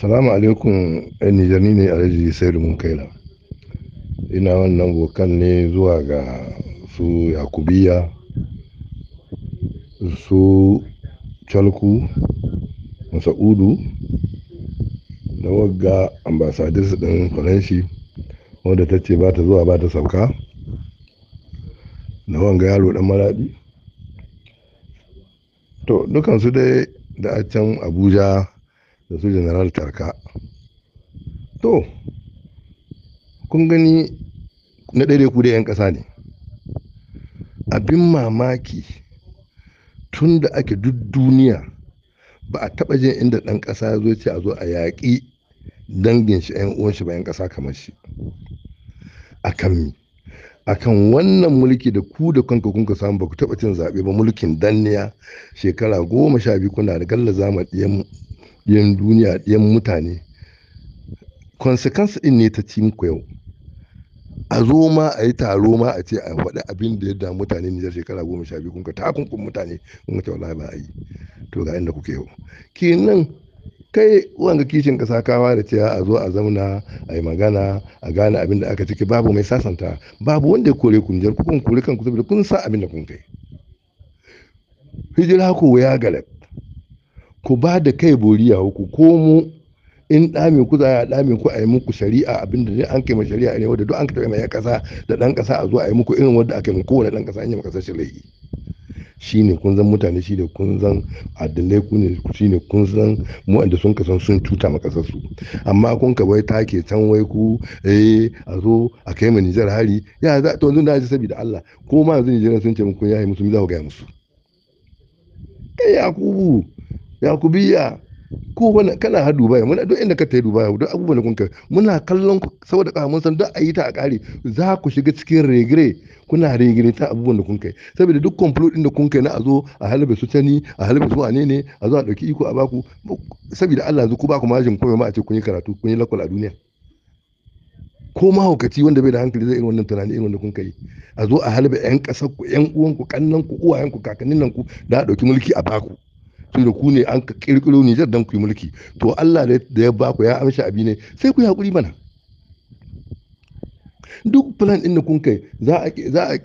salamu alaikum yan nijar ni ne alhaji saidu mun kaila ina wannan bokan ne zuwa ga su yakubiya su calku masa'udu da wagga ambasadis ɗin faranshi wadda ta ce ba ta zuwa ba ta sauka da wanga yaro ɗan maraɗi to dukansu dai da a can abuja da su general tarka to kun gani na ɗaya ku da 'yan ƙasa ne abin mamaki tun da ake duk duniya ba a taɓa jin inda ɗan ƙasa ya zo ce a zo a yaƙi dangin shi 'yan uwan shi ba 'yan ƙasa kamar shi a kan mi akan wannan mulki da ku da kanka kunka samu ba ku taɓa cin zaɓe ba mulkin danniya shekara goma sha biyu kuna da galla zama mu. Yan duniya yan mutane consequence in ne ta ci muku yau a zo ma a yi taro ma a ce a faɗi abin da ya da mutane Nijar shekara goma sha biyu kun ka takunkun mutane kun ta wallahi ba a yi to ga inda kuke yau kenan kai wanga kishin kasa kawa da cewa a zo a zauna a yi magana a gane abin da aka ciki babu mai sasanta babu wanda ya kore ku Nijar kun kore kanku saboda kun sa abin da kun kai hijira ko ya galab ku ba da kai bori a huku ko mu in ɗamin ku za a ɗamin ku a yi muku shari'a abinda da an kai ma shari'a ne wadda duk an kai mai ƙasa da ɗan ƙasa a zo a yi muku irin wadda aka yi muku kowane ɗan ƙasa an yi ƙasar sashi laifi shi ne kun zan mutane shi ne kun zan adalai ku ne shi ne kun zan mu'anda sun kasan sun cuta ma ƙasar su amma kun ka wai take can wai ku eh a zo a kai ma Nijar hari ya za ta wanzu na haji sabida Allah ko ma yanzu Nijar sun ce muku yi musu mi za ku gaya musu kai ya ku yakubiya ko wani kana hadu baya muna duk inda ka ta tafi dubai duk abubuwan kun kai muna kallon saboda ka mun san duk ayi ta a kare za ku shiga cikin regire kuna regire ta abubuwan da kun kai saboda duk complot din da kun kai na a zo a halbe su tani a halbe su anene a zo a dauki iko a baku saboda Allah yanzu ku ba ku majin ko ma a ce kun yi karatu kun yi lakwal a duniya ko mahaukaci wanda bai da hankali zai irin wannan tunani irin wanda kun kai a zo a halbe yan kasar ku yan uwan ku kannan ku uwayen ku kakannin nan ku da a dauki mulki a baku tun da ku ne an ka kirkiro Nijar dan ku yi mulki to Allah da ya baku ya amshi abi ne sai ku yi hakuri mana duk plan din da kun kai za a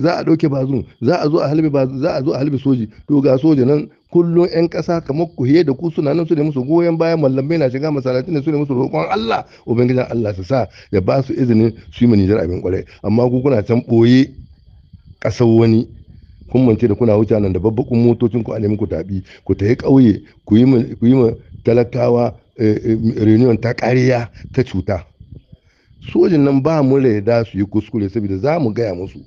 za a dauke bazun za a zo a halbe bazun za a zo a halbe soji to ga soja nan kullun yan kasa kamar ku da ku suna nan su ne musu goyon bayan mallamai na shiga masalatin da su ne musu roƙon Allah ubangijin Allah su sa ya ba su izinin su yi Nijar abin kwarai amma ku kuna can boye kasar wani kun mance da kuna wuce nan da babbakun motocin ku a nemi ku tabi ku tafi ƙauye ku yi ma talakawa eh, eh, reunion ta ƙariya ta cuta sojin nan ba mu da su yi kuskure saboda za mu gaya musu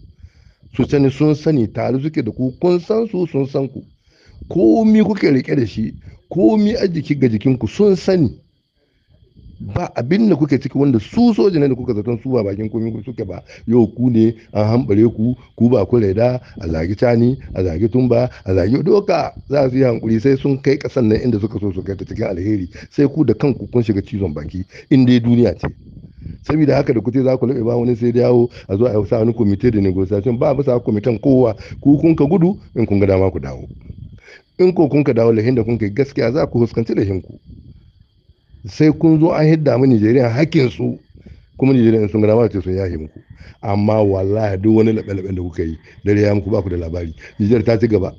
su sani sun sani tare suke da ku kun san su sun san ku komi kuke rike da shi komi a jiki ga jikinku sun sani ba abin da kuke ciki wanda su soja ne da kuka zaton su ba bakin komi suke ba yau ku ne an hambare ku ku ba ku raida a zagi cani a zagi tumba a zagi doka za su yi hankuri sai sun kai kasan nan inda suka so su kai ta cikin alheri sai ku da kanku kun shiga cizon baki in dai duniya ce saboda haka da kuce za ku laɓe ba wani sai da yawo a zo a yi wani komite da negotiation ba bisa komitan kowa ku kun ka gudu in kun ga dama ku dawo in ko kun ka dawo lahin da kun kai gaskiya za ku fuskanci lahin ku sai kun zo an hidda mu Nijeriya hakkin su kuma Nijeriya sun gara ce sun yahi muku amma wallahi duk wani laɓe-laɓen da kuka yi dare ya muku ba ku da labari Nijeriya ta ci gaba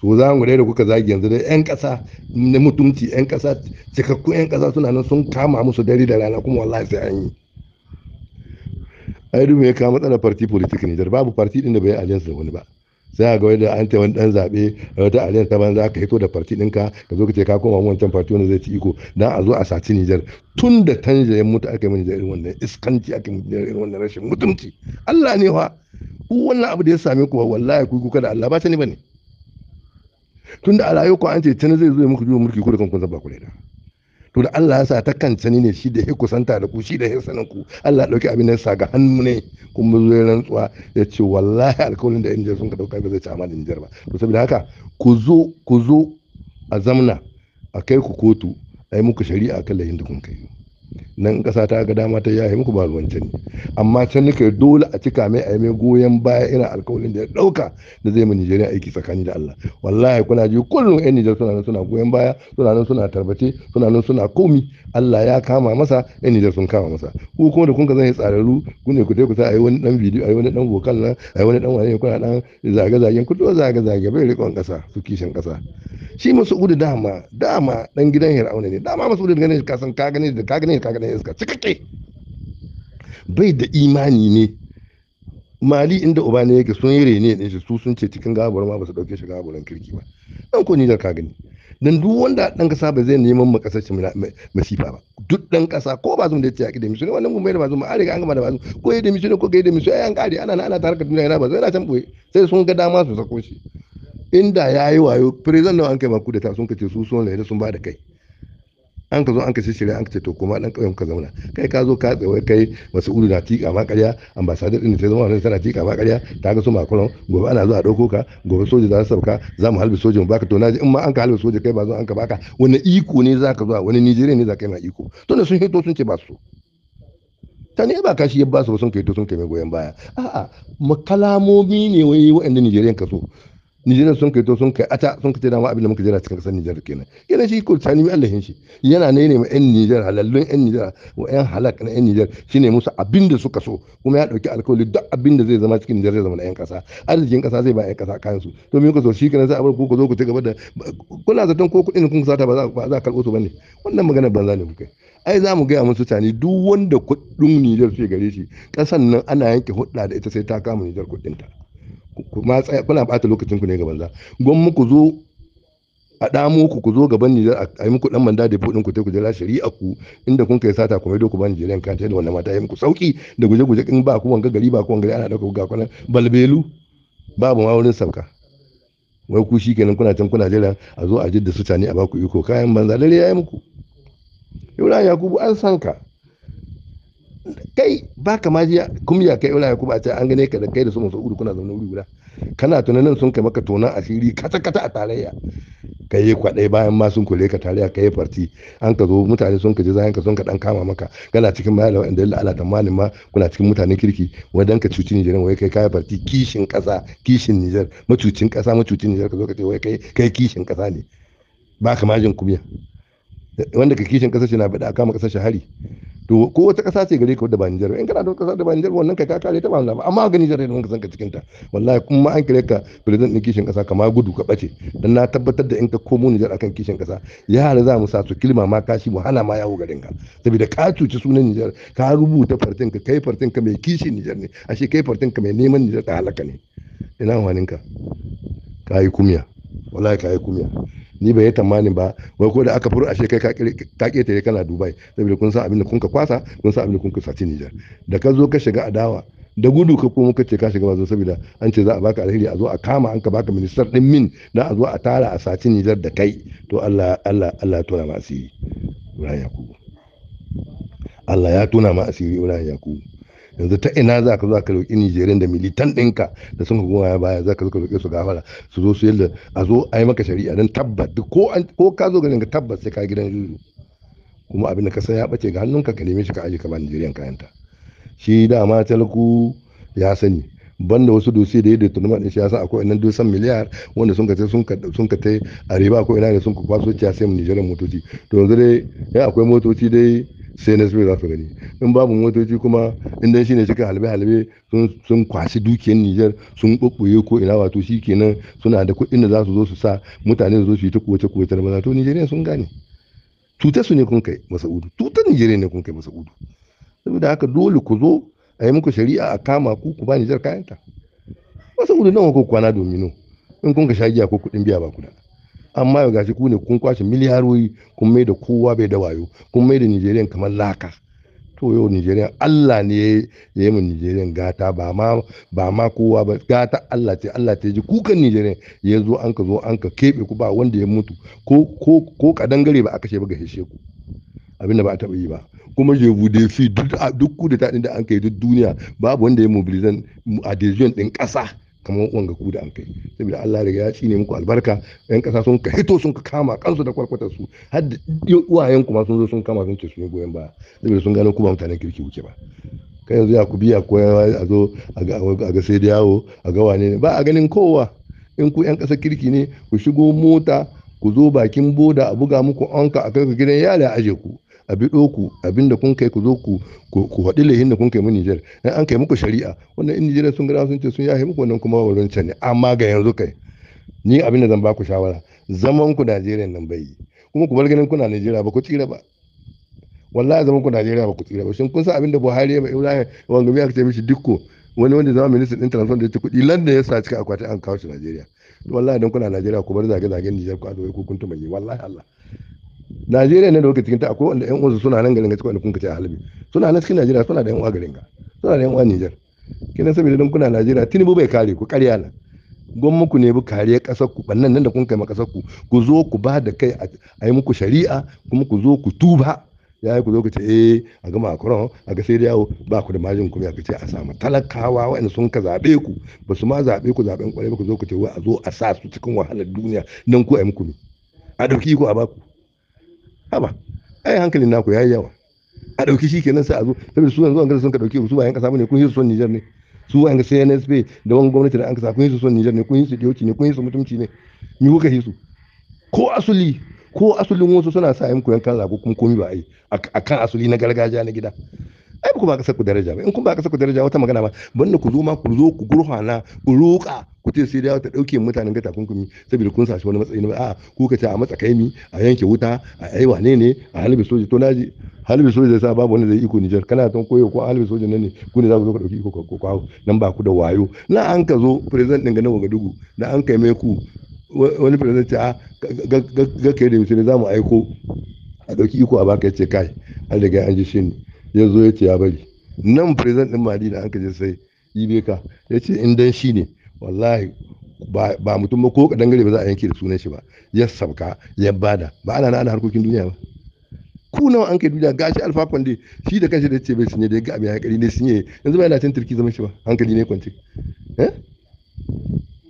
so za mu da kuka zagi yanzu da yan ƙasa na mutunci yan ƙasa cikakku yan ƙasa suna nan sun kama musu dare da rana kuma wallahi sai an yi ai duk me ya kawo matsalar party politics ne babu party din da bai alliance da wani ba sai ga wanda an ta wani dan zabe wata aliyan ta banza ka hito da farti ɗinka ka zo ka ce ka koma wancan farti wanda zai ci iko dan a zo a saci Nijar tun da tanja ya mutu aka yi mini irin wannan iskanci aka yi irin wannan rashin mutunci Allah ne fa wannan abu da ya same ku wallahi ku kuka da Allah ba ta ne bane tun da alayoko an ce tana zai zo muku juyo mulki ku da kanku zaba ku ne da to da Allah ya sa ta kanta ne shi da ya kusanta da ku shi da ya sanin ku Allah ya dauki abin da sa ga hannu ne kuma zo ya rantsuwa ya ce wallahi alkawarin da injiyar sun ka dauka ba zai ci amalin injiyar ba to saboda haka ku zo ku zo a zamna a kai ku kotu a yi muku shari'a kan layin da kun kai nan kasa ta ga dama ta yaye muku ba ne amma can yi dole a cika mai a mai goyon baya irin alkawalin da ya dauka da zai mu Nijeriya aiki tsakani da Allah wallahi kuna ji kullum yan Nijar suna nan suna goyon baya suna nan suna tarbace suna nan suna komi Allah ya kama masa yan Nijar sun kama masa ku kuma da kun ka zai tsararru ku ne ku dai ku sa ayi wani dan bidiyo ayi wani dan vocal nan ayi wani dan wani kuna dan zage zagen ku dole zage zage bai rikon kasa su kishin kasa shi masu udu dama dama dan gidan Hir'auna ne dama masu udu ganin ka san ka gane da ka gane ka gane na iska cikakke bai da imani ne mali inda uba ne yake sun yi rene din shi su sun ce cikin gabar ma ba su dauke shi gaburan kirki ba dan ko ni da ka gani dan duk wanda dan kasa ba zai neman ma kasar shi masifa ba duk dan kasa ko ba zum da ya ki da mishi wannan gumbai da ba zum an riga an gama da ba zum ko yi da ne ko ga da mishi ai an kare ana ana ta da duniya yana ba zai na can boye sai sun ga dama su sako shi inda yayi wayo prison da an kai ba ku da ta sun kace su sun da sun ba da kai an ka zo an ka shirya an ka ce to kuma dan kauyen ka zauna kai ka zo ka tsaye kai mas'udu na tika ma karya ambassador din sai zama wannan tana tika ma karya ta ga su makulon gobe ana zuwa dauko ka gobe soja za su sauka za mu halbe soja mu baka to ji in ma an ka halbe soja kai ba zo an ka baka wani iko ne za ka zuwa wani nigeria ne za ka yi ma iko to ne sun hito sun ce ba su ta ne ba kashi ya ba su sun kai to sun kai mai goyon baya a'a makalamomi ne wai waɗanda nigeria ka so Nijar sun kai to sun kai ata sun kai dama abin da muka jira cikin kasar Nijar kenan yana shi ko tani mi Allah shi yana ne ne ma yan Nijar halallun yan Nijar wa yan halak na yan Nijar shine musu abin da suka so kuma ya dauki alkawari duk abin da zai zama cikin Nijar zai zama na yan kasa arzikin kasa zai ba yan kasa kayan su to me kuka so shi kenan sai a bar ku ku zo ku ci gaba da kuna zaton ko kudin kun sata ba za ba za karbo su bane wannan magana banza ne muke ai za mu gaya musu tani duk wanda kudin Nijar sai gare shi kasan nan ana yanke hudda da ita sai ta kama Nijar kudin ta kuma kuna bata lokacin ku ne gaban za gwan ku zo a damo ku ku zo gaban Nijar a yi muku dan manda da budin ku ta ku jira shari'a ku inda kun kai sata ku maido ku ba Nijeriyan kan da wannan mata yi muku sauki da guje guje in ba ku wanga gari ba ku wanga gari ana dauka ku ga kwanan balbelu babu ma wurin sauka wai ku shi kenan kuna can kuna jira a zo a jidda su tani a baku iko kayan banza dare yi muku Ibrahim Yakubu an san ka kai ba ka ma jiya kumya kai ula yakuba ta an gane ka da kai da su masu uru kuna zaune wuri guda kana tunanin sun kai maka tonan asiri kata kata a tarayya ka yi kwaɗai bayan ma sun kule ka tarayya ka yi farti an ka zo mutane sun ka ji zayen ka sun ka dan kama maka kana cikin da wa'anda yalla ala tamanin ma kuna cikin mutane kirki wadan ka cuci nijerin wai kai kayi farti kishin ƙasa kishin nijar macucin ƙasa macucin nijar ka zo ka ce wai kai kai kishin ƙasa ne ba ka majin kumya wanda ka kishin ƙasa na bada a kama ƙasa hari to ko wata ƙasa ce gare ka wadda a Nijar in kana da ƙasa da a Nijar wannan kai ka kare ta ba ba amma gani Nijar ne wanka san ka cikin ta wallahi kuma an kire ka president din kishin ƙasa kama gudu ka bace dan na tabbatar da in ka komo Nijar akan kishin ƙasa yara za mu sa su kilma ma kashi mu hana ma yawo garin ka saboda ka cuci sunan Nijar ka rubuta fartin ka kai fartin ka mai kishin Nijar ne ashe kai fartin ka mai neman Nijar ta halaka ne ina waninka ka yi kumya wallahi ka yi kumiya ni bai yi tamanin ba wai ko da aka furu ashe kai ka yi kana dubai saboda kun san abin da kun ka kwasa kun san abin da kun ka saci nijar da ka zo ka shiga adawa da gudu ka komo ka ce ka shiga bazo saboda an ce za a baka alheri a zo a kama an ka baka minister din min na a zo a tara a sati nijar da kai to Allah Allah Allah tona ma asiri Ibrahim Yakubu Allah ya tona ma asiri Ibrahim Yakubu yanzu ta ina za ka za ka roƙi da militan ɗinka da sun ya baya za ka zo ka roƙe su gafara su zo su yadda a zo a yi maka shari'a don tabbat ko ka zo garin ka tabbat sai ka gidan juju kuma abin da ka san ya ɓace ga hannunka ka neme shi ka aje ka ba nigerian kayanta shi dama talku ya sani banda wasu dosi da yadda tunuma da shi ya akwai nan dusan miliyar wanda sun kace sun sun kace a riba akwai ina da sun kwaso ciya sai mu nijeran motoci to yanzu dai ya akwai motoci dai sai na za su gani in babu motoci kuma in dai shine cikin halbe halbe sun sun kwashi dukiyar Nijar sun kokkoye ko ina wato shikenan suna da kuɗin da za su zo su sa mutane su zo su yi ta kuwace kuwace da maza to Nijeriya sun gane tutar su ne kun kai Masaudu tutar Nijeriya ne kun kai Masaudu saboda haka dole ku zo a yi muku shari'a a kama ku ku ba Nijar kayanta ba gudu nawa ko kwana domino in kun ka sha giya ko kuɗin biya ba ku da amma ga shi ku ne kun kwashe miliyaroyi kun mai da kowa bai da wayo kun mai da nigeria kamar laka to yau nigeria Allah ne ya yi mu nigeria gata ba ma ba ma kowa ba gata Allah ce Allah ce ji kukan nigeria ya zo an ka zo an ka keɓe ku ba wanda ya mutu ko ko ko kadangare ba aka ce ba ga hishe ku abinda ba a taɓa yi ba kuma je bude fi duk da ta da an kai duk duniya babu wanda ya mobilizan adhesion ɗin ƙasa kamar wanga ku da an kai saboda Allah daga ya cine muku albarka yan ƙasa sun ka hito sun ka kama kansu da kwarkwatar su har da uwayen kuma sun zo sun kama sun ce su ne goyon baya saboda sun gano kuma mutanen kirki wuce ba kai yanzu ya ku biya ko a zo a ga sai da yawo a ga wane ba a ganin kowa in ku yan ƙasa kirki ne ku shigo mota ku zo bakin boda a buga muku anka a kai gidan a aje ku a biɗo ku abinda kun kai ku zo ku ku faɗi lehin da kun kai mu Nijar in an kai muku shari'a wannan in Nijar sun gara sun ce sun yahe muku wannan kuma wajen can ne amma ga yanzu kai ni abinda zan ba ku shawara zaman ku Najeriya nan bai yi kuma ku bar ganin kuna Najeriya ba ku tsira ba wallahi zaman ku Najeriya ba ku tsira ba shin kun san abinda Buhari ya ba Ibrahim wanga biya ka ce mishi dukko wani wanda zama ministan ɗin transport da ya ci kuɗi landa ya sa cikin akwati an kawo shi Najeriya wallahi don kuna Najeriya ku bar zage-zagen Nijar ku a zo ku kuntu mai wallahi Allah Najeriya ne da kake cikin ta akwai wanda ƴan uwansu suna nan garin gaskiya wanda kun kace a halabi suna nan cikin Najeriya suna da ƴan uwa garin ga suna da ƴan uwa Niger kina saboda dan kuna Najeriya Tinubu bai kare ku ƙarya na gwamma muku ne bu kariya ƙasar ku bannan nan da kun kai ma ƙasar ku ku zo ku ba da kai a yi muku shari'a kuma ku zo ku tuba ya yi ku zo ku ce eh a gama akuran a ga sai da yawo ba ku da majin ku ya ku ce a samu talakawa waɗanda sun ka zaɓe ku ba su ma zaɓe ku zaɓen ƙwarai ba ku zo ku ce wa a zo a sa su cikin wahalar duniya nan ku a yi muku ne a ɗauki ku a baku haba ai hankalin naku yayi yawa a dauki shi kenan sai a zo saboda su zuwa an gasa sun ka dauki su bayan kasa bane kun yi su son Niger ne su an gasa NSP da wani gwamnati da an kasa kun yi su son Niger ne kun yi su dauki ne kun yi su mutumci ne ni kuka yi su ko asuli ko asulin wasu suna sa yanku koyan kaza ko kuma komi ba a yi akan asuli na gargajiya na gida ai ba ku ba kasar ku daraja ba in kun ba kasar ku daraja wata magana ba banda ku zo ma ku zo ku na ku roƙa ku ce sai dawo ta dauke mutanen ga takunkumi saboda kun sashi wani matsayi ba a ku ka ce a matsa mi a yanke wuta a yi wane ne a halbi soja to naji halbe soja sa babu wanda zai iko Nijar kana ton koyo ko halbi soja nan ne ku ne za ku zo ku dauki iko ko kawo nan ba ku da wayo na an ka zo president din ga nan dugu na an kai mai ku wani president ce a ga kai da mutum za mu aiko a dauki iko a baka yace ce kai an riga an ji shi ne ya zo ya ce ya bari nan president din na an kaje sai ibeka ya ce in dan shi ne wallahi ba mutum ba ko kadan gare ba za a yanke da sunan shi ba ya sabka ya bada ba ana ana harkokin duniya ba ku nawa an kai duniya gashi alfa kwande shi da kanshi da ce bai sunye da ya ga abin hankali ne sunye yanzu ba yana cin turki zama shi ba hankali ne kwance eh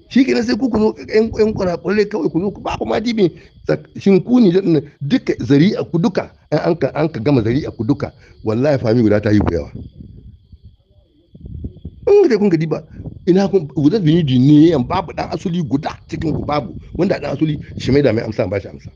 shi kenan sai ku ku zo yan kurakurai kawai ku zo ku babu ma dibi shin ku ne duka zari a ku duka an anka anka gama zari a ku duka wallahi fami guda ta yi ku yawa in da kun ga diba ina kun guda bini di ne yan babu dan asuli guda cikin ku babu wanda dan asuli shi mai da mai amsa ba shi amsa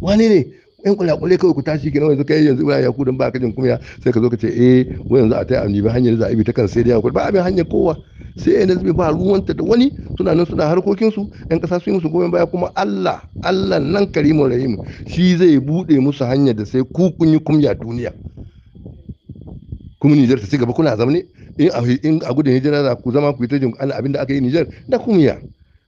wani ne yan kulakulai kawai ku tashi kenan yanzu kai yanzu ya ku dan ba ka jin kuma sai ka zo ka ce eh wai yanzu a tayi amni ba hanyar za a bi ta kan sai dai ba abin hanyar kowa sai NSB ba ruwanta da wani suna nan suna harkokinsu yan ƙasa su yi musu goyon baya kuma Allah Allah nan karimun rahim shi zai buɗe musu hanyar da sai ku kun yi kumya duniya kuma Nijar ta ci gaba kuna zamne in a in a gudun hijira za ku zama ku yi ta jin ana abin da aka yi Nijar da kumya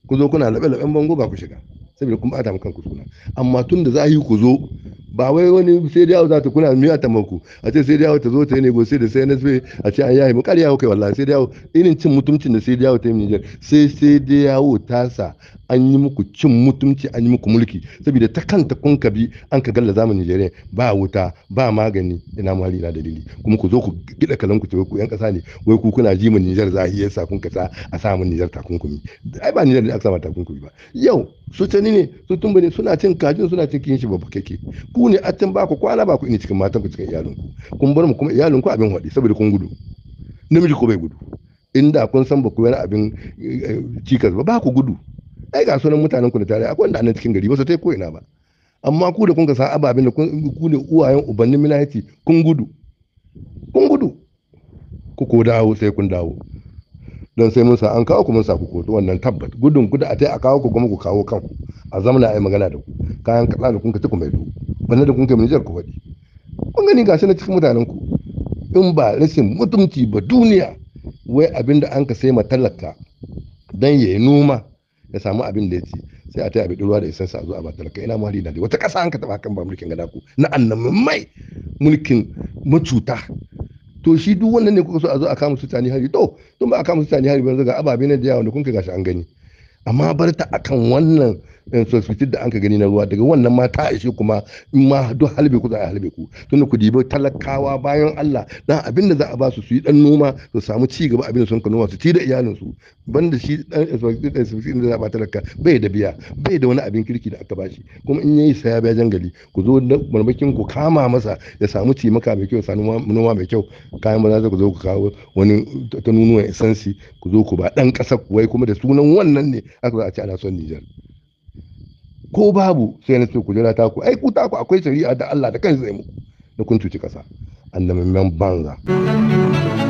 ku zo kuna laɓe-laɓen bango ba ku shiga saboda kun kan kanku suna amma tun da za yi ku zo ba wai wani sai dai za ta kuna miya ta maku a ce sai dai ta zo ta yi nego sai da sai na a ce an yayi mu ƙarya kai wallahi sai dai irin cin mutuncin da sai dai ta yi Niger sai sai dai ta sa an yi muku cin mutunci an yi muku mulki saboda ta kanta kun kabi an ka galla zamu Nijeriya ba wuta ba magani ina mali ina dalili kuma ku zo ku gida kalan ku ku yan kasa ne wai ku kuna ji mu Niger zahiyar sa kun kasa a sa mu Niger takunkumi ai ba Niger da aka sa takunkumi ba yau su tani ne su tumbe ne suna cin kajin suna cin kiyin shi keke ku ne atin ba ku kwana ba ku ina cikin matan ku cikin iyalin ku kun bar mu kuma iyalin ku abin wadi saboda kun gudu namiji ko bai gudu inda kun san ba ku wani abin eh, eh, cikas ba ba ku gudu ai ga sunan mutanen ku da tare akwai wanda annan cikin gari ba su ta ko ina ba amma ku da kun ka san ababen da ku ne uwayen ubannin milahiti kun gudu kun gudu ku ko dawo sai kun dawo don sai mun sa an kawo ku mun sa ku kotu wannan tabbat gudun ku da a tai a kawo ku kuma ku kawo kanku a zamana ai magana da ku kayan kaɗa da kun ka tuku mai du banda da kun ka minijar ku faɗi kun gani gashi na cikin mutanen ku in ba rashin mutunci ba duniya wai abinda an ka sai matalaka don ya yi noma ya samu abin da ya ci sai a taya bidin ruwa da isansa a zo a ba talaka ina ma da wata kasa an ka taɓa kan ba mulkin gada ku na annamin mai mulkin macuta to shi duk wannan ne kuka so a zo a kama su tani hari to tun ba a kama su tani hari ba ga ababe ne da yawa da kun kai gashi an gani amma bar ta akan wannan eh, sosfitin da an ka gani na ruwa daga wannan ma ta ishe kuma in ma duk halbe ku za a halbe ku tunda ku dibi talakawa bayan Allah dan abin da za a ba su su yi dan noma su samu ci gaba abin da sun ka noma su ci da iyalin su banda shi dan eh, sosfitin eh, da za a ba talaka bai da biya bai da wani abin kirki da aka bashi kuma in yayi saya bayan jangali ku zo marmakin ku kama masa ya samu ci maka mai kyau ya samu noma mai kyau kayan ba za ku zo ku kawo wani ta nunuwan isansi ku zo ku ba dan kasar ku wai kuma da sunan wannan ne aka za a ce ana son Nijar ko babu sai na ce ku jira ta ku ai ku ta ku akwai shari'a da Allah da kansa zai mu da kun tuci kasa annabi man banza